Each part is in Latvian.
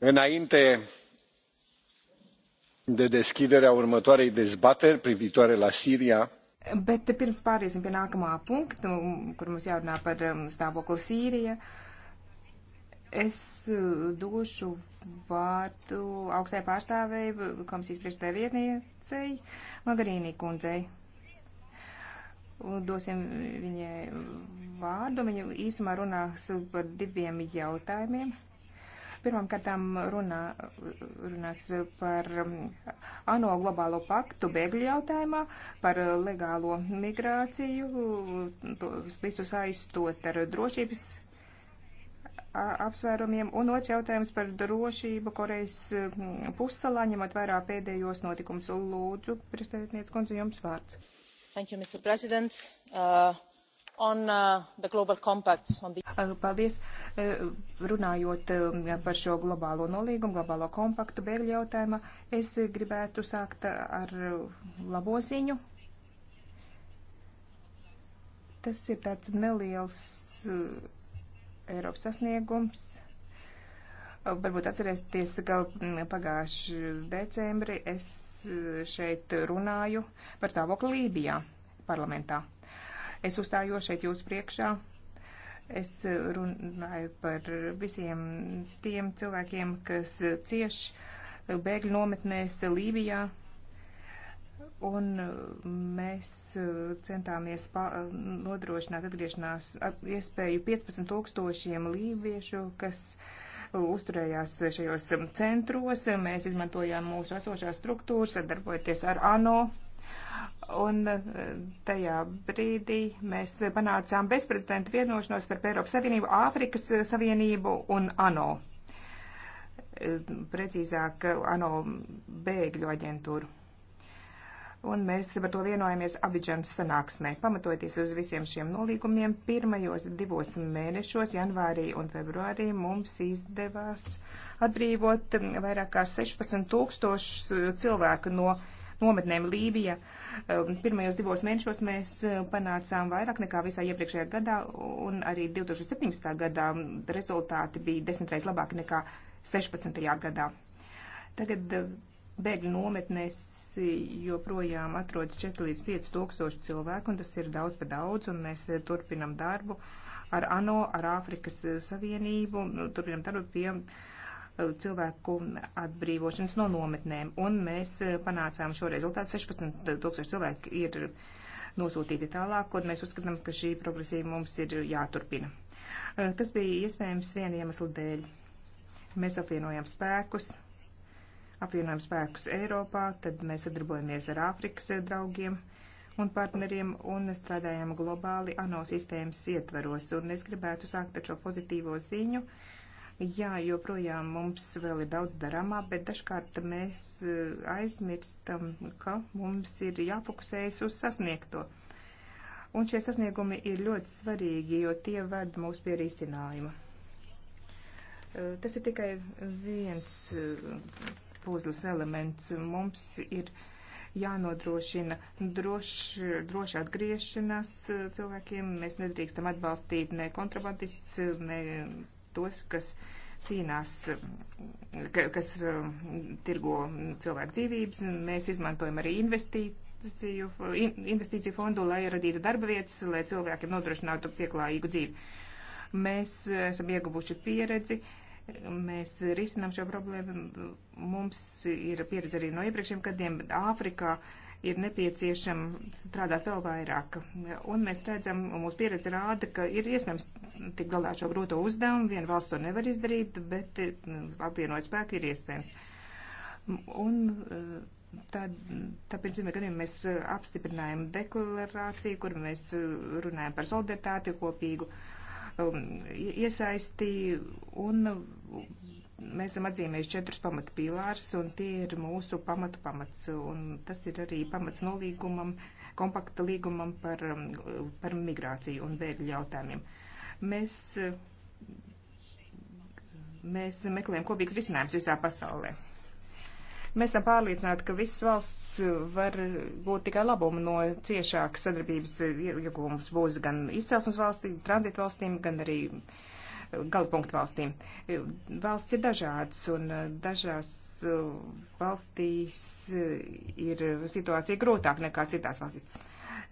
înainte de deschiderea următoarei dezbateri privitoare la Siria. Bet pirms pāriesim pie nākamā punkta, kur mums jārunā par um, stāvokli Sīrija, es uh, došu vārdu augstai pārstāvēji komisijas priekšstāvē vietniecei Magarīnī kundzei. Un dosim viņai vārdu, viņa īsumā runās par diviem jautājumiem Pirmam kārtām runā, runās par um, ANO globālo paktu bēgļu jautājumā, par legālo migrāciju, to visu saistot ar drošības apsvērumiem, un otrs jautājums par drošību Korejas um, pussalā, ņemot vairā pēdējos notikumus. Lūdzu, prezidentniec kundze, jums vārds. Thank you, Mr. President. Uh... Uh, uh, paldies. Uh, runājot um, par šo globālo nolīgumu, globālo kompaktu bēgļu jautājumā, es gribētu sākt ar labo ziņu. Tas ir tāds neliels Eiropas sasniegums. Varbūt atcerēsieties, ka mm, pagājuši decembri es šeit runāju par stāvokli Lībijā parlamentā. Uh, Es uzstājos šeit jūsu priekšā. Es runāju par visiem tiem cilvēkiem, kas cieš bēgļu nometnēs Lībijā. Un mēs centāmies nodrošināt atgriešanās iespēju 15 tūkstošiem lībiešu, kas uzturējās šajos centros. Mēs izmantojām mūsu esošās struktūras, sadarbojoties ar ANO un e, tajā brīdī mēs panācām bezprecedenta vienošanos starp Eiropas Savienību, Āfrikas e, Savienību un ANO. E, precīzāk, ANO bēgļu aģentūru. Un mēs par to vienojamies Abidžanas sanāksmē. Pamatojoties uz visiem šiem nolīgumiem, pirmajos divos mēnešos, janvārī un februārī, mums izdevās atbrīvot vairāk kā 16 tūkstošu cilvēku no uh, nometnēm Lībija. Um, pirmajos divos mēnešos mēs uh, panācām vairāk nekā visā iepriekšējā gadā, un arī 2017. gadā rezultāti bija desmitreiz labāki nekā 16. gadā. Tagad uh, bēgļu nometnēs joprojām atrodas 4 līdz 5 tūkstoši cilvēku, un tas ir daudz pa daudz, un mēs uh, turpinam darbu ar ANO, ar Āfrikas Savienību, nu, turpinam darbu pie cilvēku atbrīvošanas no nometnēm. Un mēs eh, panācām šo rezultātu. 16 tūkstoši cilvēku ir nosūtīti tālāk, un mēs uzskatām, ka šī progresija mums ir jāturpina. Eh, tas bija iespējams viena iemesla dēļ. Mēs apvienojam spēkus, apvienojam spēkus Eiropā, tad mēs sadarbojamies ar Āfrikas draugiem un partneriem un strādājam globāli ANO sistēmas ietveros. Un es gribētu sākt ar šo pozitīvo ziņu. Uh, Jā, joprojām mums vēl ir daudz darāmā, bet dažkārt mēs eh, aizmirstam, ka mums ir jāfokusējas uz sasniegto. Un šie sasniegumi ir ļoti svarīgi, jo tie ved mūs pie risinājuma. Eh, tas ir tikai viens eh, puzles elements. Mums ir jānodrošina droši, droši atgriešanās cilvēkiem. Mēs nedrīkstam atbalstīt ne kontrabandists, ne tos, kas cīnās, kas um, tirgo cilvēku dzīvības. Mēs izmantojam arī investīciju, investīciju fondu, lai radītu darba vietas, lai cilvēkiem nodrošinātu pieklājīgu dzīvi. Mēs uh, esam ieguvuši pieredzi, mēs risinām šo problēmu. Mums ir pieredze arī no iepriekšējiem gadiem Āfrikā. Uh, ir nepieciešama strādāt vēl vairāk. Un mēs redzam, mūsu pieredze rāda, ka ir iespējams tik galā šo grūto uzdevumu, viena valsts to nevar izdarīt, bet nu, apvienot spēku ir iespējams. Un eh, tad, tāpēc, zinām, gadiem mēs eh, apstiprinājam deklarāciju, kur mēs eh, runājam par solidaritāti kopīgu um, iesaisti un mēs esam atzīmējuši četrus pamatpīlārs, un tie ir mūsu pamatu pamats, un tas ir arī pamats nolīgumam, kompakta līgumam par, um, par migrāciju un bēgļu jautājumiem. Mēs, mēs meklējam kopīgs risinājums visā pasaulē. Mēs esam pārliecināti, ka visas valsts var būt tikai labumu no ciešākas sadarbības iegūmas būs gan izcelsmes valstīm, tranzītvalstīm, gan arī uh, galapunktu valstīm. Valsts ir dažādas un eh, dažās eh, valstīs eh, ir situācija grūtāk nekā citās valstīs.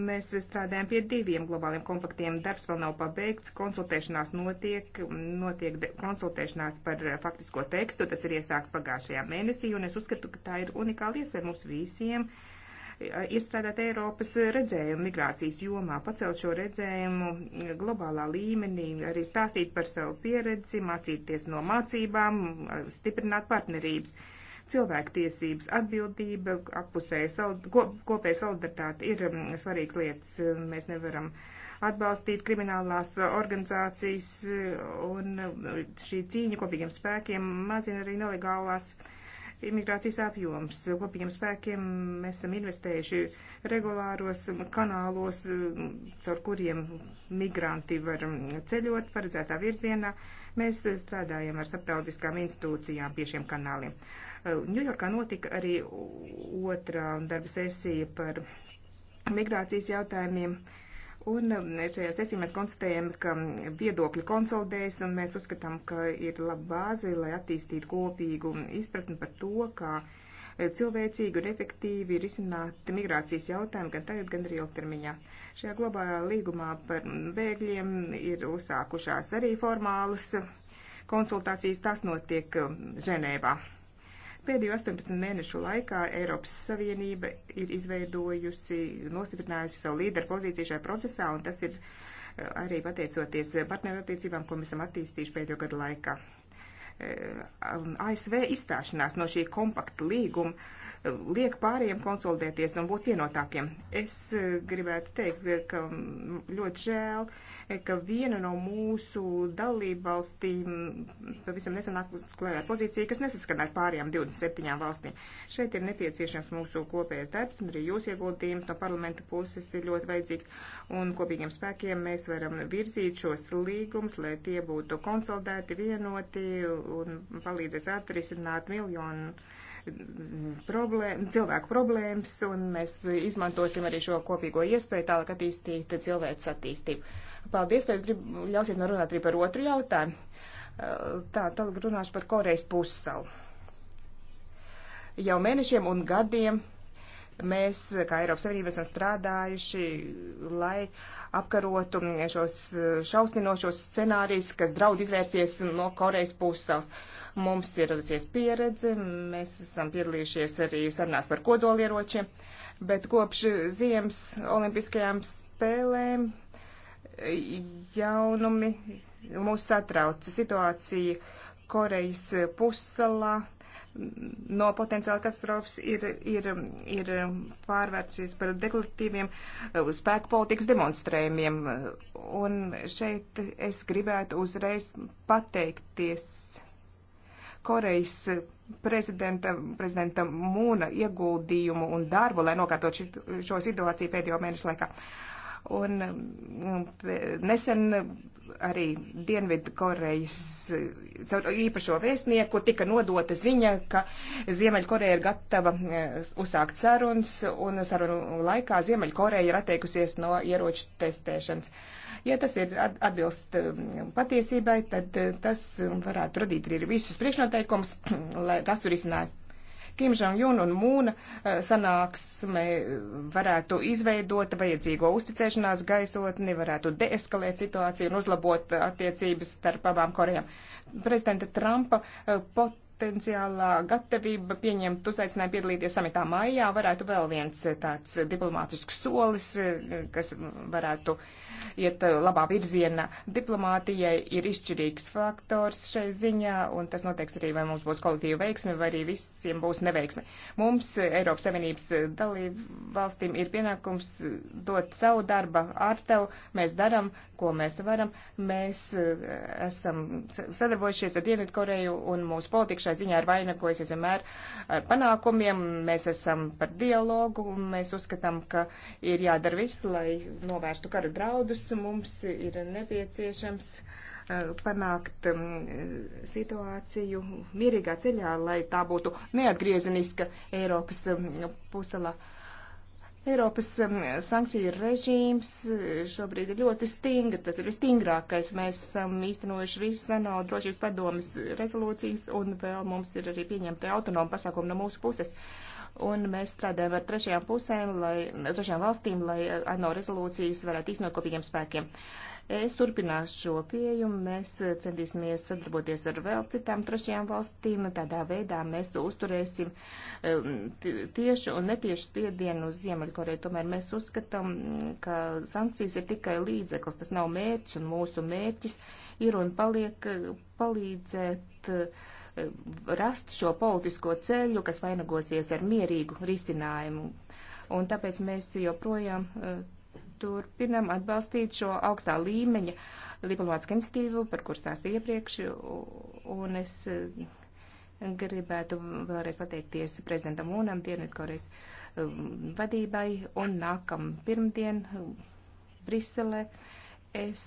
Mēs strādājam pie diviem globāliem kompaktiem. Darbs vēl nav pabeigts, konsultēšanās notiek, notiek konsultēšanās par faktisko tekstu. Tas ir iesāks pagājušajā mēnesī, un es uzskatu, ka tā ir unikāla iespēja mums visiem uh, iestrādāt Eiropas redzējumu migrācijas jomā, pacelt šo redzējumu globālā līmenī, arī stāstīt par savu pieredzi, mācīties no mācībām, stiprināt partnerības cilvēktiesības, atbildība, apusēja kopēja solidaritāte ir mm, svarīgas lietas. Mēs nevaram atbalstīt kriminālās organizācijas un šī cīņa kopīgiem spēkiem mazina arī nelegālās uh, imigrācijas apjoms. Kopīgiem spēkiem mēs esam investējuši regulāros kanālos, caur kuriem migranti var ceļot paredzētā virzienā. Mēs strādājam ar starptautiskām institūcijām pie šiem kanāliem. Ņujorkā notika arī otrā darba sesija par migrācijas jautājumiem. Uh, Un um, šajā sesijā mēs konstatējam, ka um, viedokļi konsolidējas, un mēs uzskatām, ka ir laba bāze, lai attīstītu kopīgu um, izpratni par to, kā eh, cilvēcīgi un efektīvi risināt migrācijas jautājumu gan tagad, gan arī ilgtermiņā. Šajā globālā līgumā par bēgļiem ir uzsākušās arī formālas konsultācijas, tas notiek Ženēvā. Pēdējo 18 mēnešu laikā Eiropas Savienība ir izveidojusi, nostiprinājusi savu līderu pozīciju šajā procesā, un tas ir eh, arī pateicoties partnerattiecībām, ko mēs esam attīstījuši pēdējo gadu laikā. Eh, ASV izstāšanās no šī kompakta līguma eh, liek pārējiem konsolidēties un būt vienotākiem. Es eh, gribētu teikt, ka ļoti žēl, ka viena no mūsu dalībvalstīm mm, pavisam nesen atklājā pozīciju, kas nesaskan ar pārējām 27 valstīm. Šeit ir nepieciešams mūsu kopējais darbs, un arī jūs ieguldījums no parlamenta puses ir ļoti vajadzīgs, un kopīgiem spēkiem mēs varam virzīt šos līgumus, lai tie būtu konsolidēti, vienoti, un palīdzēs atrisināt miljonu mm, problēma, cilvēku problēmas, un mēs izmantosim arī šo kopīgo iespēju tālāk attīstīt cilvēku attīstību. Paldies, pēc gribu ļausiet man runāt arī par otru jautājumu. Tā, tālāk runāšu par Korejas pussalu. Jau mēnešiem un gadiem Mēs, kā Eiropas Savienība, esam strādājuši, lai apkarotu šos šausminošos scenārijus, kas draud izvērsties no Korejas puses. Mums ir radusies pieredze, mēs esam piedalījušies arī sarunās par kodolieročiem, bet kopš ziemas olimpiskajām spēlēm jaunumi mūs satrauc. Situācija Korejas pussalā no potenciāla katastrofas ir, ir, ir pārvērtusies par deklaratīviem uh, spēku politikas demonstrējumiem. Un šeit es gribētu uzreiz pateikties Korejas prezidenta, prezidenta Mūna ieguldījumu un darbu, lai nokārtot šo situāciju pēdējo mēnešu laikā. Uh, Un um, nesen arī Dienvidu Korejas caur īpašo vēstnieku tika nodota ziņa, ka Ziemeļkoreja ir gatava uh, uzsākt sarunas, un sarunu laikā Ziemeļkoreja ir atteikusies no ieroču testēšanas. Ja tas ir atbilst um, patiesībai, tad uh, tas varētu radīt arī visus priekšnoteikumus, lai rasu risinātu Kim Jong-un un Mūna eh, sanāksme varētu izveidot vajadzīgo uzticēšanās gaisotni, varētu deeskalēt situāciju un uzlabot attiecības starp abām Korejām. Prezidenta Trumpa eh, pot potenciālā gatavība pieņemt uzaicinājumu piedalīties samitā maijā varētu vēl viens eh, tāds diplomātisks solis, eh, kas varētu iet eh, labā virzienā. Diplomātijai ir izšķirīgs faktors šai ziņā, un tas noteiks arī, vai mums būs kolektīva veiksme, vai arī visiem būs neveiksme. Mums, Eiropas Savienības dalību valstīm, ir pienākums dot savu darba ar tevu. Mēs daram, ko mēs varam. Mēs esam sadarbojušies ar Dienvidkoreju un mūsu politiku šai ziņā ir vainagojusies vienmēr ar eh, panākumiem. Mēs esam par dialogu un mēs uzskatām, ka ir jādara viss, lai novērstu karu draudus. Mums ir nepieciešams eh, panākt mm, situāciju mierīgā ceļā, lai tā būtu neatgriezeniska Eiropas mm, puselā. Eiropas um, sankciju režīms uh, šobrīd ir ļoti stingri, tas ir visstingrākais. Mēs esam īstenojuši visas ANO drošības padomas rezolūcijas, un vēl mums ir arī pieņemta autonoma pasākuma no mūsu puses. Un mēs strādājam ar trešajām pusēm, lai, trešajām valstīm, lai ANO rezolūcijas varētu īstenot kopīgiem spēkiem. Uh, Es turpināšu šo pieeju, mēs centīsimies sadarboties ar vēl citām trešajām valstīm, tādā veidā mēs uzturēsim um, tiešu un netiešu spiedienu uz Ziemeļkoreju. Tomēr mēs uzskatām, ka sankcijas ir tikai līdzeklis, tas nav mērķis un mūsu mērķis ir un paliek palīdzēt uh, rast šo politisko ceļu, kas vainagosies ar mierīgu risinājumu. Un tāpēc mēs joprojām uh, turpinam atbalstīt šo augstā līmeņa diplomātisku iniciatīvu, par kur stāstīju iepriekš, un es eh, gribētu vēlreiz pateikties prezidentam Mūnam, Dienvidkorejas eh, vadībai, un nākam pirmdien eh, Briselē. Es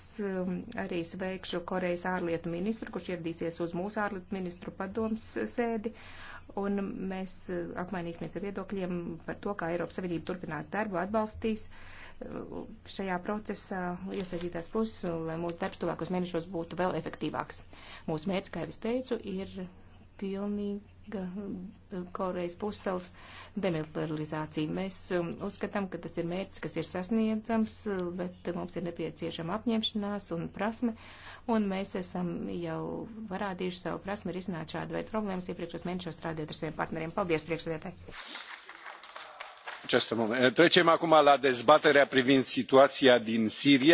arī sveikšu Korejas ārlietu ministru, kurš ieradīsies uz mūsu ārlietu ministru padoms sēdi un mēs apmainīsimies ar viedokļiem par to, kā Eiropas Savienība turpinās darbu, atbalstīs uh, šajā procesā iesaistītās puses, lai mūsu darbs tuvākos mēnešos būtu vēl efektīvāks. Mūsu mērķis, kā jau es teicu, ir pilnīga eh, Korejas puses demilitarizācija. Mēs um, uzskatām, ka tas ir mērķis, kas ir sasniedzams, bet mums ir nepieciešama apņemšanās un prasme, un mēs esam jau varādījuši savu prasmi risināt šādu veidu problēmas iepriekšos mēnešos strādājot ar saviem partneriem. Paldies, priekšsēdētāji! Eh, trecem acum la dezbaterea privind situația din siria.